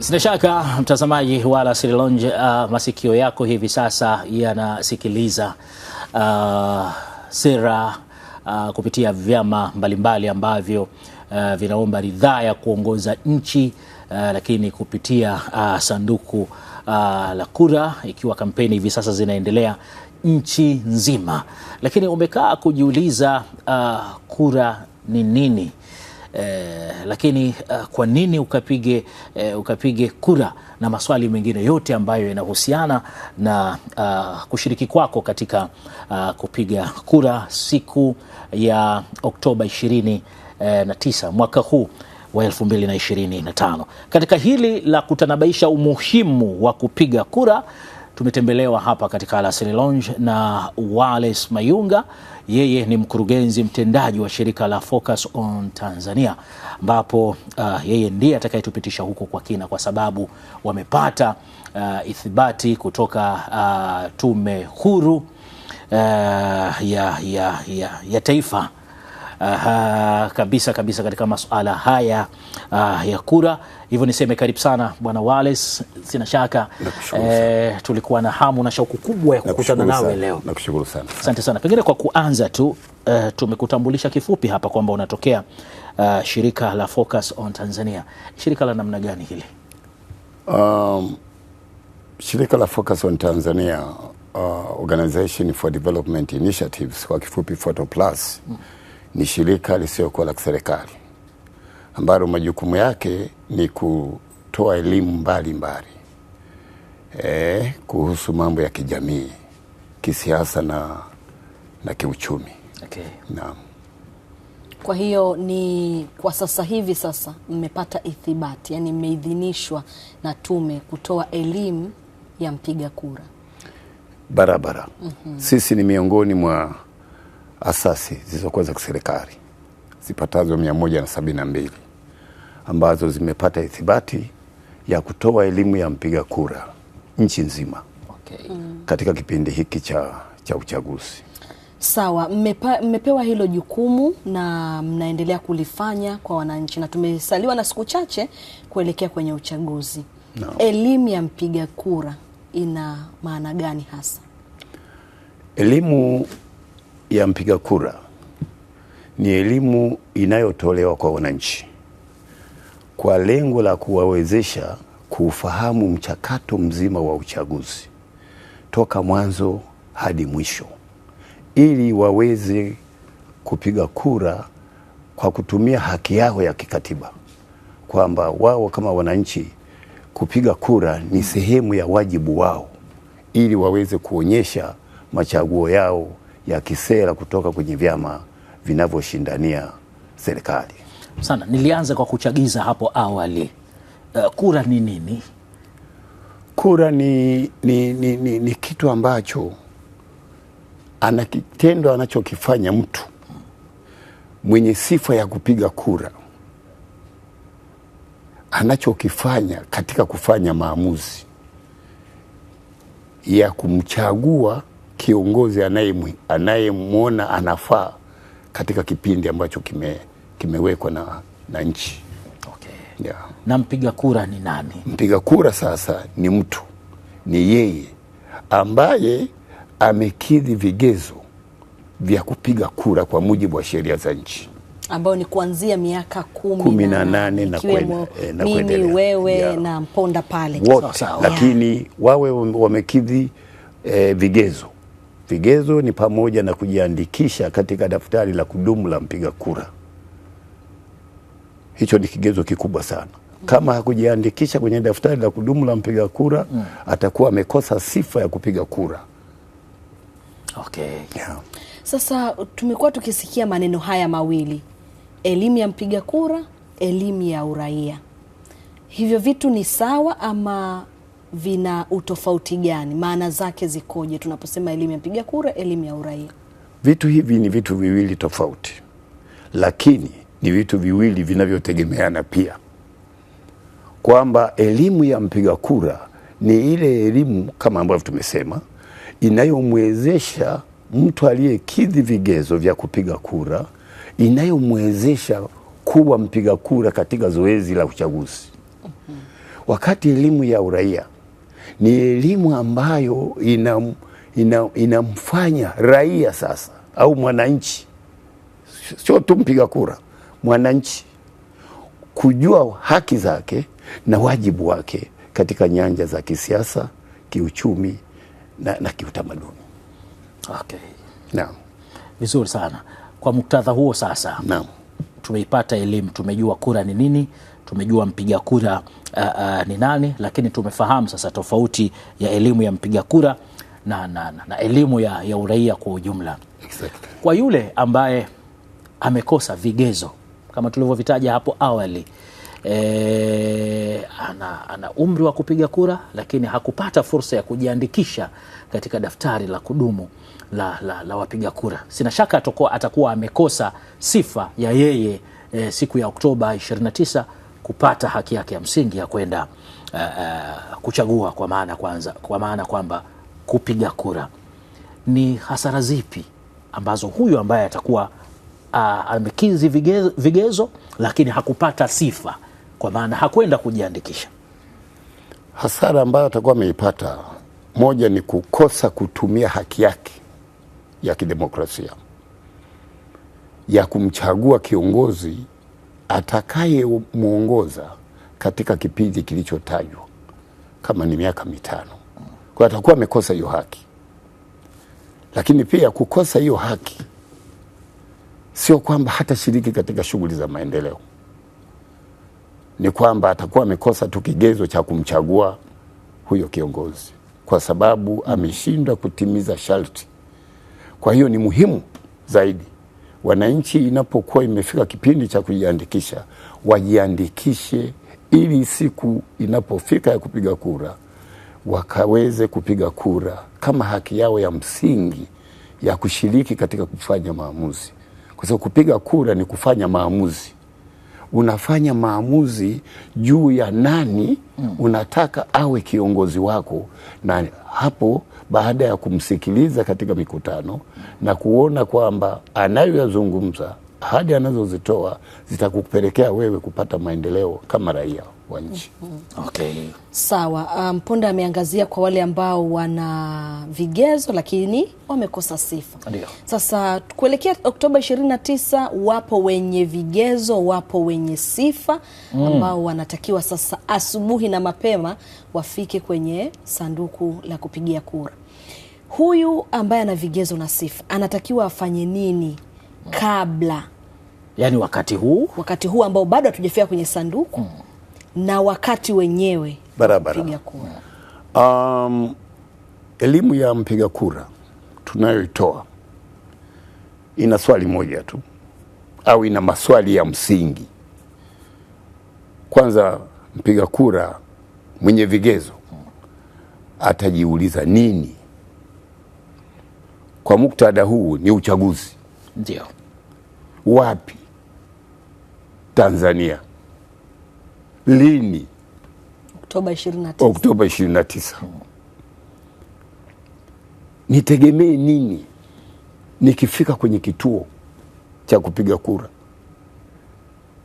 Sina shaka mtazamaji wa Alasiri Lounge, uh, masikio yako hivi sasa yanasikiliza uh, sera uh, kupitia vyama mbalimbali ambavyo uh, vinaomba ridhaa ya kuongoza nchi uh, lakini kupitia uh, sanduku uh, la kura, ikiwa kampeni hivi sasa zinaendelea nchi nzima, lakini umekaa kujiuliza uh, kura ni nini? eh, lakini uh, kwa nini ukapige, eh, ukapige kura na maswali mengine yote ambayo yanahusiana na uh, kushiriki kwako katika uh, kupiga kura siku ya Oktoba 29 eh, mwaka huu wa 2025. Katika hili la kutanabaisha umuhimu wa kupiga kura tumetembelewa hapa katika Alasiri Lounge na Wales Mayunga. Yeye ni mkurugenzi mtendaji wa shirika la Focus on Tanzania, ambapo uh, yeye ndiye atakayetupitisha huko kwa kina, kwa sababu wamepata uh, ithibati kutoka uh, tume huru uh, ya, ya, ya, ya taifa uh, kabisa kabisa katika masuala haya uh, ya kura. Hivyo niseme karibu sana Bwana Wales, sina shaka eh, tulikuwa na hamu na shauku kubwa ya kukutana nawe leo. Nakushukuru sana, asante sana. Pengine kwa kuanza tu uh, tumekutambulisha kifupi hapa kwamba unatokea uh, shirika la Focus on Tanzania. Shirika la namna gani hili? Um, shirika la Focus on Tanzania Uh, Organization for Development Initiatives kwa kifupi Foto Plus mm ni shirika lisiyokuwa la kiserikali ambalo majukumu yake ni kutoa elimu mbalimbali e, kuhusu mambo ya kijamii, kisiasa na, na kiuchumi. Okay. Naam. Kwa hiyo ni kwa sasa hivi sasa mmepata ithibati, yani mmeidhinishwa na tume kutoa elimu ya mpiga kura barabara. mm -hmm. Sisi ni miongoni mwa asasi zilizokuwa za kiserikali zipatazo mia moja na sabini na mbili ambazo zimepata ithibati ya kutoa elimu ya mpiga kura nchi nzima okay. mm. katika kipindi hiki cha, cha uchaguzi. Sawa, mmepewa hilo jukumu na mnaendelea kulifanya kwa wananchi, na tumesaliwa na siku chache kuelekea kwenye uchaguzi no. Elimu ya mpiga kura ina maana gani hasa? Elimu ya mpiga kura ni elimu inayotolewa kwa wananchi kwa lengo la kuwawezesha kuufahamu mchakato mzima wa uchaguzi toka mwanzo hadi mwisho, ili waweze kupiga kura kwa kutumia haki yao ya kikatiba, kwamba wao kama wananchi kupiga kura ni sehemu ya wajibu wao, ili waweze kuonyesha machaguo yao ya kisera kutoka kwenye vyama vinavyoshindania serikali. Sana nilianza kwa kuchagiza hapo awali. Uh, kura ni nini? Kura ni, ni, ni, ni, ni kitu ambacho ana kitendo anachokifanya mtu mwenye sifa ya kupiga kura anachokifanya katika kufanya maamuzi ya kumchagua kiongozi anayemwona anafaa katika kipindi ambacho kime, kimewekwa na, na nchi okay. Yeah. Na mpiga kura ni nani? Mpiga kura sasa ni mtu, ni yeye ambaye amekidhi vigezo vya kupiga kura kwa mujibu wa sheria za nchi ambayo ni kuanzia miaka kumi na nane na kwenda eh, mimi wewe yeah. na mponda pale wote, lakini yeah. wawe wamekidhi eh, vigezo Vigezo ni pamoja na kujiandikisha katika daftari la kudumu la mpiga kura. Hicho ni kigezo kikubwa sana. Kama hakujiandikisha kwenye daftari la kudumu la mpiga kura mm, atakuwa amekosa sifa ya kupiga kura. Okay. Yeah. Sasa tumekuwa tukisikia maneno haya mawili, elimu ya mpiga kura, elimu ya uraia. Hivyo vitu ni sawa ama vina utofauti gani? Maana zake zikoje tunaposema elimu ya mpiga kura, elimu ya uraia? Vitu hivi ni vitu viwili tofauti, lakini ni vitu viwili vinavyotegemeana pia, kwamba elimu ya mpiga kura ni ile elimu kama ambavyo tumesema inayomwezesha mtu aliyekidhi vigezo vya kupiga kura, inayomwezesha kuwa mpiga kura katika zoezi la uchaguzi. Mhm. Wakati elimu ya uraia ni elimu ambayo inamfanya ina, ina raia sasa au mwananchi, sio tu mpiga kura, mwananchi kujua haki zake na wajibu wake katika nyanja za kisiasa, kiuchumi na, na kiutamaduni. Okay. Naam. Vizuri sana. Kwa muktadha huo sasa, naam, tumeipata elimu, tumejua kura ni nini tumejua mpiga kura uh, uh, ni nani, lakini tumefahamu sasa tofauti ya elimu ya mpiga kura na, na, na, na elimu ya, ya uraia kwa ujumla exactly. Kwa yule ambaye amekosa vigezo kama tulivyovitaja hapo awali e, ana, ana umri wa kupiga kura lakini hakupata fursa ya kujiandikisha katika daftari la kudumu la, la, la wapiga kura, sina shaka atakuwa amekosa sifa ya yeye e, siku ya Oktoba 29 kupata haki yake ya msingi ya kwenda uh, uh, kuchagua kwa maana kwanza, kwa maana kwamba kupiga kura. Ni hasara zipi ambazo huyu ambaye atakuwa uh, ah, amekizi vigezo, vigezo lakini hakupata sifa kwa maana hakwenda kujiandikisha? Hasara ambayo atakuwa ameipata, moja ni kukosa kutumia haki yake ya kidemokrasia ya kumchagua kiongozi atakayemwongoza katika kipindi kilichotajwa kama ni miaka mitano, kwa atakuwa amekosa hiyo haki. Lakini pia kukosa hiyo haki sio kwamba hatashiriki katika shughuli za maendeleo, ni kwamba atakuwa amekosa tu kigezo cha kumchagua huyo kiongozi, kwa sababu ameshindwa kutimiza sharti. Kwa hiyo ni muhimu zaidi wananchi inapokuwa imefika kipindi cha kujiandikisha wajiandikishe, ili siku inapofika ya kupiga kura wakaweze kupiga kura kama haki yao ya msingi ya kushiriki katika kufanya maamuzi, kwa sababu kupiga kura ni kufanya maamuzi. Unafanya maamuzi juu ya nani hmm. unataka awe kiongozi wako, na hapo baada ya kumsikiliza katika mikutano na kuona kwamba anayoyazungumza, ahadi anazozitoa zitakupelekea wewe kupata maendeleo kama raia wa nchi. mm -hmm. Okay. Sawa. Mponda um, ameangazia kwa wale ambao wana vigezo lakini wamekosa sifa. Ndio. Sasa kuelekea Oktoba 29 wapo wenye vigezo, wapo wenye sifa mm. ambao wanatakiwa sasa asubuhi na mapema wafike kwenye sanduku la kupigia kura. Huyu ambaye ana vigezo na sifa anatakiwa afanye nini mm. kabla, Yaani wakati huu, wakati huu ambao bado hatujafika kwenye sanduku mm na wakati wenyewe barabara kura. Um, elimu ya mpiga kura tunayoitoa ina swali moja tu au ina maswali ya msingi. Kwanza, mpiga kura mwenye vigezo atajiuliza nini? Kwa muktadha huu ni uchaguzi. Ndio. Wapi? Tanzania lini? Oktoba 29. Oktoba 29. Nitegemee nini nikifika kwenye kituo cha kupiga kura?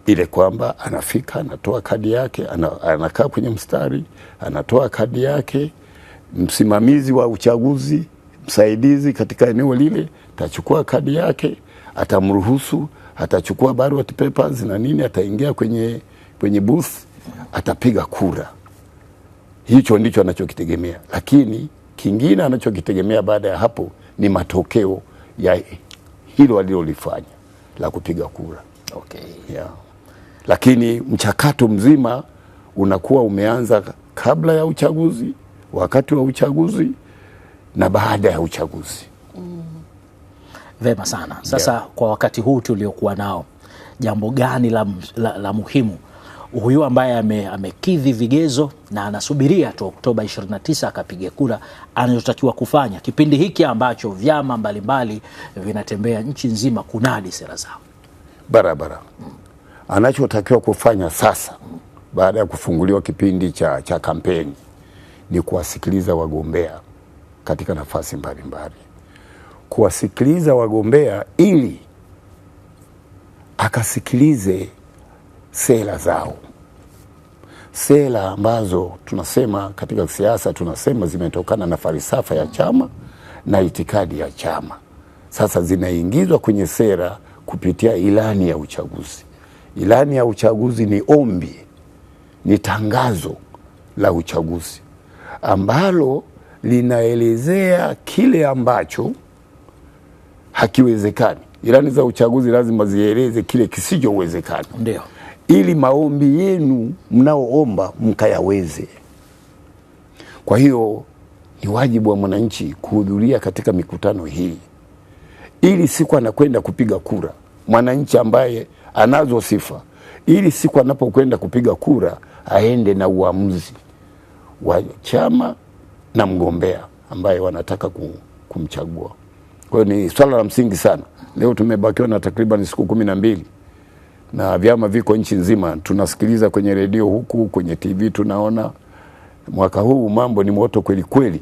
Ile kwamba anafika anatoa kadi yake, anakaa kwenye mstari, anatoa kadi yake, msimamizi wa uchaguzi msaidizi katika eneo lile atachukua kadi yake, atamruhusu, atachukua ballot papers na nini, ataingia kwenye, kwenye booth atapiga kura, hicho ndicho anachokitegemea. Lakini kingine anachokitegemea baada ya hapo ni matokeo ya hilo alilolifanya la kupiga kura. Okay. Yeah. Lakini mchakato mzima unakuwa umeanza kabla ya uchaguzi, wakati wa uchaguzi na baada ya uchaguzi. Mm. Vema sana. Sasa yeah. Kwa wakati huu tuliokuwa nao, jambo gani la, la, la muhimu huyu ambaye ame, amekidhi vigezo na anasubiria tu Oktoba 29 akapiga kura, anachotakiwa kufanya kipindi hiki ambacho vyama mbalimbali vinatembea nchi nzima kunadi sera zao barabara. Anachotakiwa kufanya sasa, baada ya kufunguliwa kipindi cha, cha kampeni ni kuwasikiliza wagombea katika nafasi mbalimbali, kuwasikiliza wagombea ili akasikilize sera zao, sera ambazo tunasema katika siasa tunasema zimetokana na falsafa ya chama na itikadi ya chama, sasa zinaingizwa kwenye sera kupitia ilani ya uchaguzi. Ilani ya uchaguzi ni ombi, ni tangazo la uchaguzi ambalo linaelezea kile ambacho hakiwezekani. Ilani za uchaguzi lazima zieleze kile kisichowezekana, ndio ili maombi yenu mnaoomba mkayaweze. Kwa hiyo ni wajibu wa mwananchi kuhudhuria katika mikutano hii, ili siku anakwenda kupiga kura, mwananchi ambaye anazo sifa, ili siku anapokwenda kupiga kura aende na uamuzi wa chama na mgombea ambaye wanataka kumchagua. Kwa hiyo ni swala la msingi sana. Leo tumebakiwa na takriban siku kumi na mbili na vyama viko nchi nzima, tunasikiliza kwenye redio huku, kwenye TV tunaona. Mwaka huu mambo ni moto kweli kweli,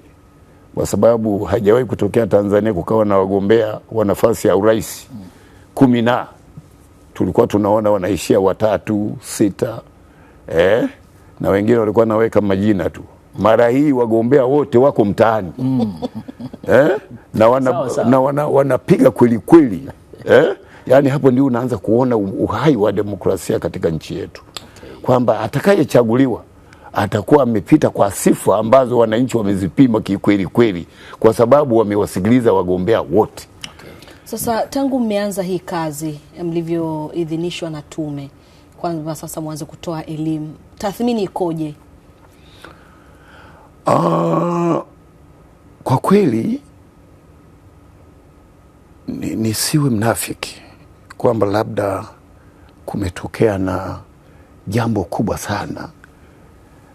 kwa sababu hajawahi kutokea Tanzania kukawa na wagombea wa nafasi ya urais kumi, na tulikuwa tunaona wanaishia watatu sita, eh? na wengine walikuwa naweka majina tu. Mara hii wagombea wote wako mtaani mm. eh? na wanapiga wana, wana kweli kweli eh? yani hapo ndio unaanza kuona uhai wa demokrasia katika nchi yetu okay. Kwamba atakayechaguliwa atakuwa amepita kwa sifa ambazo wananchi wamezipima kikweli kweli, kwa sababu wamewasikiliza wagombea wote okay. Sasa tangu mmeanza hii kazi mlivyoidhinishwa na tume kwamba sasa mwanze kutoa elimu, tathmini ikoje? Uh, kwa kweli nisiwe ni mnafiki kwamba labda kumetokea na jambo kubwa sana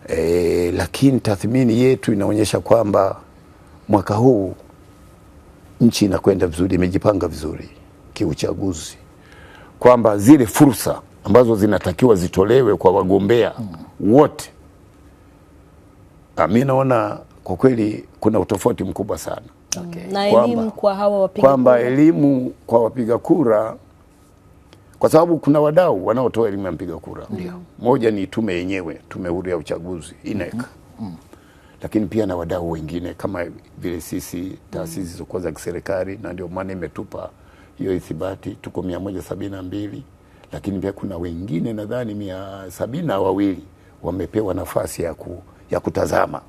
e, lakini tathmini yetu inaonyesha kwamba mwaka huu nchi inakwenda vizuri, imejipanga vizuri kiuchaguzi, kwamba zile fursa ambazo zinatakiwa zitolewe kwa wagombea mm. wote, mi naona kwa kweli kuna utofauti mkubwa sana okay. na elimu kwa hawa wapiga kura, kwamba elimu kwa wapiga kura kwa sababu kuna wadau wanaotoa elimu ya mpiga kura mm. Moja ni tume yenyewe, tume huru ya uchaguzi INEC. mm mm-hmm. mm. Mm-hmm. Lakini pia na wadau wengine kama vile sisi taasisi zilizokuwa mm-hmm. za kiserikali, na ndio maana imetupa hiyo ithibati, tuko mia moja sabini na mbili lakini pia kuna wengine nadhani mia sabini na wawili wamepewa nafasi ya, ku, ya kutazama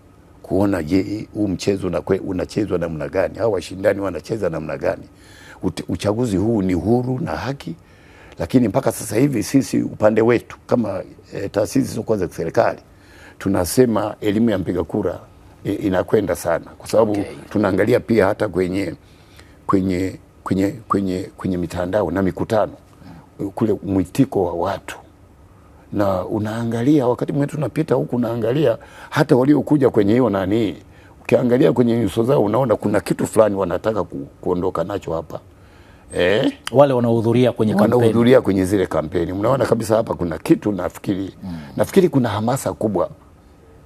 kuona, je, huu mchezo unachezwa namna gani? au washindani wanacheza namna gani? Uchaguzi huu ni huru na haki lakini mpaka sasa hivi sisi upande wetu kama e, taasisi zisizokuwa za serikali tunasema elimu ya mpiga kura e, inakwenda sana kwa sababu okay, tunaangalia pia hata kwenye kwenye kwenye kwenye kwenye mitandao na mikutano kule mwitiko wa watu na unaangalia wakati mwetu tunapita huku, unaangalia hata waliokuja kwenye hiyo nani, ukiangalia kwenye nyuso zao unaona kuna kitu fulani wanataka ku, kuondoka nacho hapa eh, wale wanaohudhuria kwenye kampeni, wanaohudhuria kwenye zile kampeni. Mnaona kabisa hapa kuna kitu nafikiri, mm. nafikiri kuna hamasa kubwa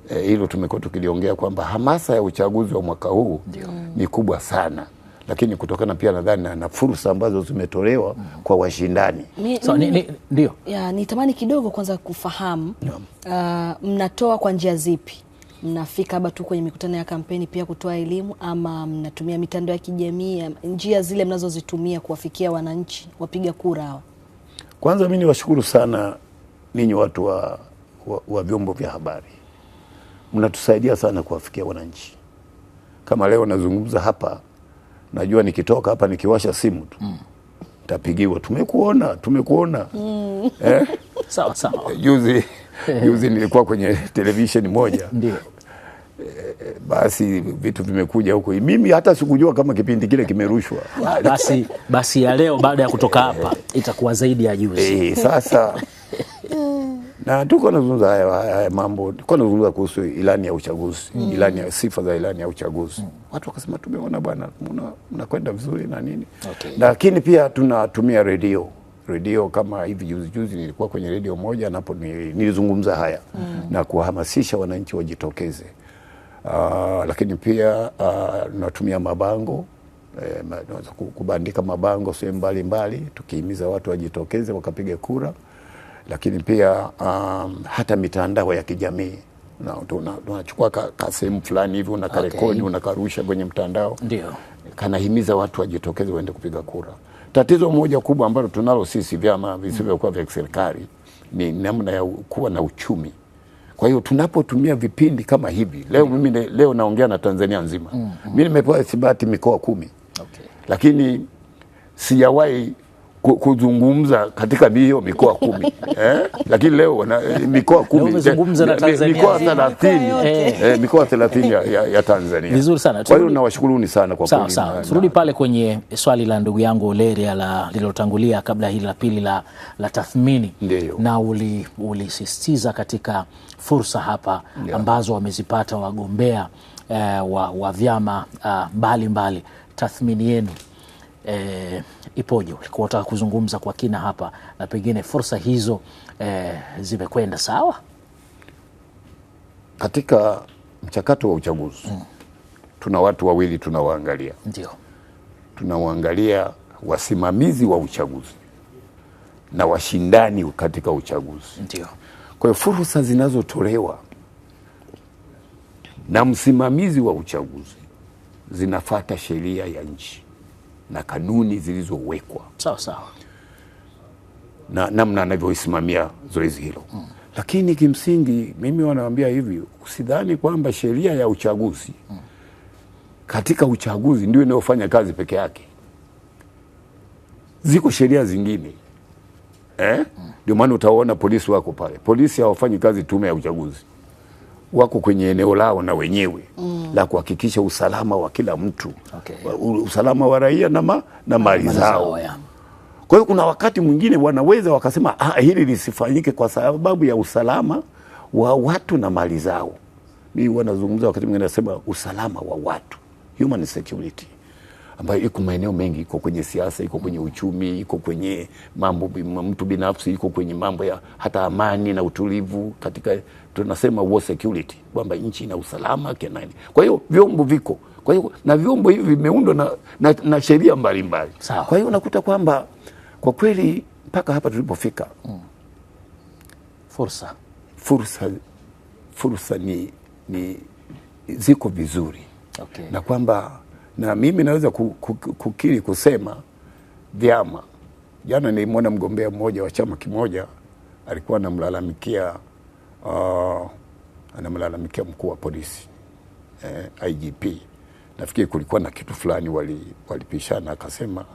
eh, hilo e, tumekuwa tukiliongea kwamba hamasa ya uchaguzi wa mwaka huu mm. ni kubwa sana lakini kutokana pia nadhani na fursa ambazo zimetolewa mm. kwa washindani so, ni, ni, ndio nitamani kidogo kwanza kufahamu uh, mnatoa kwa njia zipi mnafika labda tu kwenye mikutano ya kampeni pia kutoa elimu, ama mnatumia mitandao ya kijamii, njia zile mnazozitumia kuwafikia wananchi wapiga kura hawa? Kwanza mimi niwashukuru sana ninyi watu wa, wa, wa vyombo vya habari, mnatusaidia sana kuwafikia wananchi. Kama leo nazungumza hapa, najua nikitoka hapa nikiwasha simu tu mm. tapigiwa, tumekuona tumekuona mm. eh? sawa sawa juzi Juzi nilikuwa kwenye televisheni moja ndio basi vitu vimekuja huko, mimi hata sikujua kama kipindi kile kimerushwa. Basi, basi ya leo baada ya kutoka hapa itakuwa zaidi ya juzi. E, sasa na tuko nazungumza haya mambo, tuko nazungumza kuhusu ilani ya uchaguzi mm. ilani ya sifa za ilani ya uchaguzi mm. watu wakasema tumeona bwana, mnakwenda vizuri na nini okay. Lakini pia tunatumia redio redio kama hivi juzi juzi nilikuwa kwenye redio moja, napo nilizungumza haya mm. na kuwahamasisha wananchi wajitokeze. Uh, lakini pia uh, ah, natumia mabango eh, kubandika mabango sehemu mbalimbali tukihimiza watu wajitokeze wakapiga kura, lakini pia um, hata mitandao ya kijamii unachukua sehemu fulani hivi unakarekodi, okay. unakarusha kwenye mtandao, ndio kanahimiza watu wajitokeze waende kupiga kura. Tatizo moja kubwa ambalo tunalo sisi vyama visivyokuwa vya serikali ni namna ya kuwa na uchumi. Kwa hiyo tunapotumia vipindi kama hivi leo, mm. mimi leo naongea na Tanzania nzima mm -hmm. Mimi nimepewa ithibati mikoa kumi okay. Lakini sijawahi kuzungumza katika hiyo mikoa kumi eh? Lakini leo wana, eh, mikoa kumi eh, mikoa thelathini eh, mikoa thelathini ya, ya Tanzania. Vizuri sana. Kwa hiyo nawashukuruni sana kwa kweli. Sawa, turudi pale kwenye swali la ndugu yangu Oleria la lililotangulia kabla hili la pili la, la tathmini. Ndiyo. Na ulisisitiza uli katika fursa hapa Ndiyo. ambazo wamezipata wagombea eh, wa, wa vyama ah, mbalimbali uh, tathmini yenu e, ipoje? Ulikuwa unataka kuzungumza kwa kina hapa na pengine fursa hizo e, zimekwenda sawa katika mchakato wa uchaguzi mm. Tuna watu wawili tunawaangalia, ndio tunawaangalia wasimamizi wa uchaguzi na washindani katika uchaguzi. Ndio. Kwa hiyo fursa zinazotolewa na msimamizi wa uchaguzi zinafata sheria ya nchi na kanuni zilizowekwa sawa sawa na namna anavyoisimamia zoezi hilo mm. Lakini kimsingi mimi wanawambia hivi, usidhani kwamba sheria ya uchaguzi mm. katika uchaguzi ndio inayofanya kazi peke yake, ziko sheria zingine eh? ndio eh? mm. maana utaona polisi wako pale, polisi hawafanyi kazi tume ya uchaguzi wako kwenye eneo lao na wenyewe mm. la kuhakikisha usalama wa kila mtu okay. usalama wa raia na, ma, na ah, mali zao. Kwa hiyo kuna wakati mwingine wanaweza wakasema ah, hili lisifanyike kwa sababu ya usalama wa watu na mali zao. Mimi wanazungumza wakati mwingine nasema usalama wa watu, human security ambayo iko maeneo mengi, iko kwenye siasa, iko kwenye uchumi, iko kwenye mambo mtu binafsi, iko kwenye mambo ya hata amani na utulivu, katika tunasema war security, kwamba nchi ina usalama kenani. Kwa hiyo vyombo viko, kwa hiyo na vyombo hivi vimeundwa na, na, na sheria mbalimbali. Kwa hiyo unakuta kwamba kwa kweli mpaka hapa tulipofika, mm. fursa fursa fursa ni, ni ziko vizuri okay. na kwamba na mimi naweza kukiri kusema vyama. Jana nilimwona mgombea mmoja wa chama kimoja alikuwa anamlalamikia uh, anamlalamikia mkuu wa polisi eh, IGP. Nafikiri kulikuwa na kitu fulani walipishana, wali akasema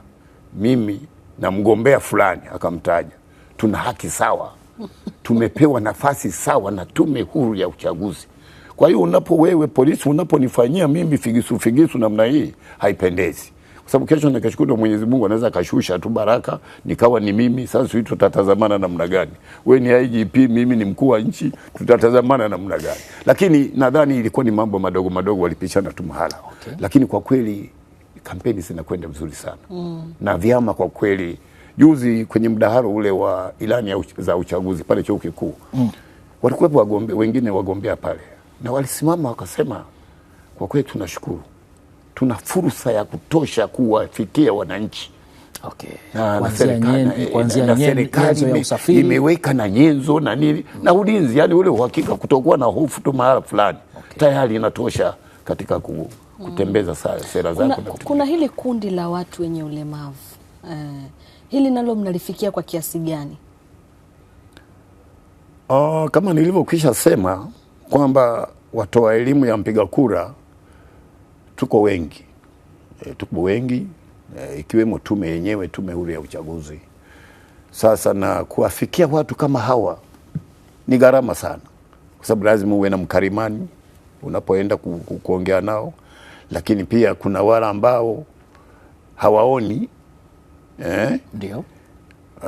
mimi na mgombea fulani akamtaja, tuna haki sawa, tumepewa nafasi sawa na tume huru ya uchaguzi. Kwa hiyo unapo wewe polisi unaponifanyia mimi figisu figisu namna hii haipendezi, kwa sababu kesho nikashukuru Mwenyezi Mungu anaweza akashusha tu baraka nikawa ni mimi. Sasa sisi tutatazamana namna gani? Wewe ni IGP, mimi ni mkuu wa nchi, tutatazamana namna gani? Lakini nadhani ilikuwa ni mambo madogo madogo, walipishana tu mahala okay. Lakini kwa kweli kampeni zinakwenda vizuri sana mm. na vyama kwa kweli juzi kwenye mdahalo ule wa ilani uch za uchaguzi pale chuo kikuu mm. walikuwepo wagombe, wengine wagombea pale na walisimama wakasema, kwa kweli tunashukuru, tuna fursa ya kutosha kuwafikia wananchi okay. na, na serikali eh, imeweka na nyenzo na nini mm. na ulinzi, yani ule uhakika, kutokuwa na hofu tu mahala fulani okay. tayari inatosha katika ku, mm. kutembeza sera zako. Kuna, kuna hili kundi la watu wenye ulemavu uh, hili nalo mnalifikia kwa kiasi gani? Uh, kama nilivyokwisha sema kwamba watoa elimu ya mpiga kura tuko wengi e, tuko wengi e, ikiwemo tume yenyewe, Tume Huru ya Uchaguzi. Sasa na kuwafikia watu kama hawa ni gharama sana, kwa sababu lazima uwe na mkarimani unapoenda ku, ku, kuongea nao, lakini pia kuna wale ambao hawaoni eh? Ndio.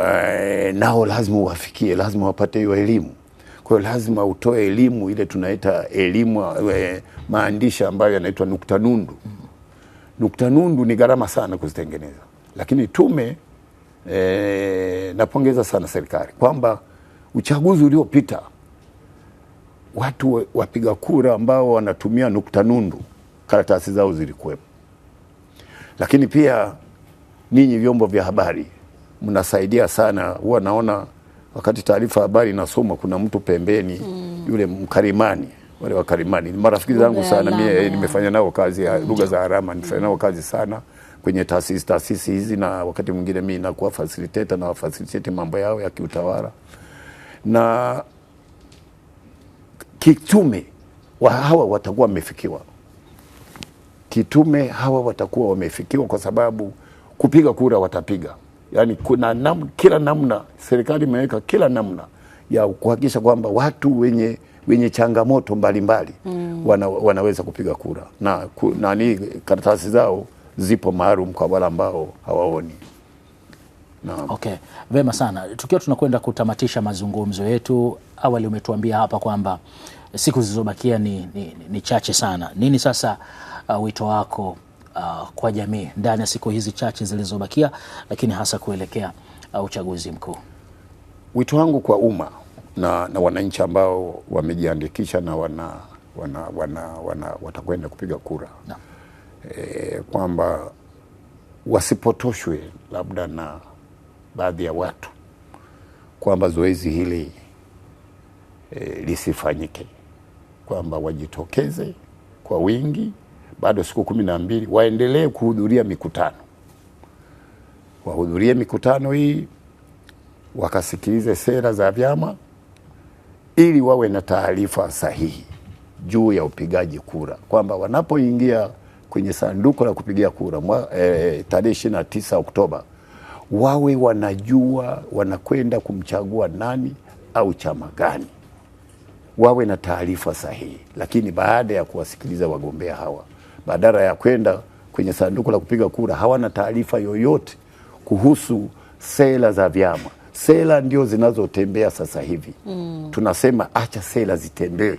E, nao lazima uwafikie, lazima wapate hiyo elimu. Kwa hiyo lazima utoe elimu ile tunaita elimu e, maandishi ambayo yanaitwa nukta nundu. Nukta nundu ni gharama sana kuzitengeneza, lakini tume e, napongeza sana serikali kwamba uchaguzi uliopita watu wapiga kura ambao wanatumia nukta nundu karatasi zao zilikuwepo, lakini pia ninyi vyombo vya habari mnasaidia sana. Huwa naona wakati taarifa habari inasomwa, kuna mtu pembeni mm. yule mkarimani wale wakarimani ni marafiki zangu sana, mimi nimefanya nao kazi ya hmm. lugha za alama nimefanya hmm. nao kazi sana kwenye taasisi taasisi hizi, na wakati mwingine mimi nakuwa facilitator na wafacilitate mambo yao ya kiutawala na kitume wa hawa watakuwa wamefikiwa kitume, hawa watakuwa wamefikiwa kwa sababu kupiga kura watapiga yani kuna nam, kila namna serikali imeweka kila namna ya kuhakikisha kwamba watu wenye wenye changamoto mbalimbali mbali, mm. wana, wanaweza kupiga kura na ku, nani karatasi zao zipo maalum kwa wale ambao hawaoni. Naam. Okay, vema sana. Tukiwa tunakwenda kutamatisha mazungumzo yetu, awali umetuambia hapa kwamba siku zilizobakia ni, ni, ni chache sana. Nini sasa uh, wito wako uh, kwa jamii ndani ya siku hizi chache zilizobakia, lakini hasa kuelekea uh, uchaguzi mkuu. Wito wangu kwa umma na, na wananchi ambao wamejiandikisha na wana, wana, wana, wana watakwenda kupiga kura E, kwamba wasipotoshwe labda na baadhi ya watu kwamba zoezi hili e, lisifanyike, kwamba wajitokeze kwa wingi bado siku kumi na mbili, waendelee kuhudhuria mikutano, wahudhurie mikutano hii, wakasikilize sera za vyama ili wawe na taarifa sahihi juu ya upigaji kura, kwamba wanapoingia kwenye sanduku la kupigia kura eh, eh, tarehe ishirini na tisa Oktoba wawe wanajua wanakwenda kumchagua nani au chama gani, wawe na taarifa sahihi. Lakini baada ya kuwasikiliza wagombea hawa badala ya kwenda kwenye sanduku la kupiga kura, hawana taarifa yoyote kuhusu sera za vyama. Sera ndio zinazotembea sasa hivi mm. Tunasema acha sera zitembee.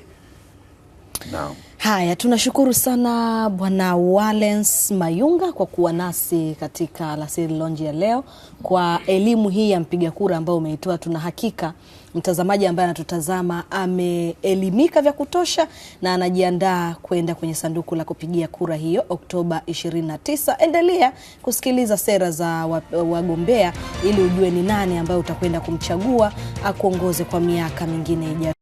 Naam. Haya, tunashukuru sana Bwana Walens Mayunga kwa kuwa nasi katika Alasiri Lounge ya leo kwa elimu hii ya mpiga kura ambayo umeitoa. Tuna hakika mtazamaji ambaye anatutazama ameelimika vya kutosha na anajiandaa kwenda kwenye sanduku la kupigia kura hiyo Oktoba 29. Endelea kusikiliza sera za wagombea ili ujue ni nani ambaye utakwenda kumchagua akuongoze kwa miaka mingine ijayo.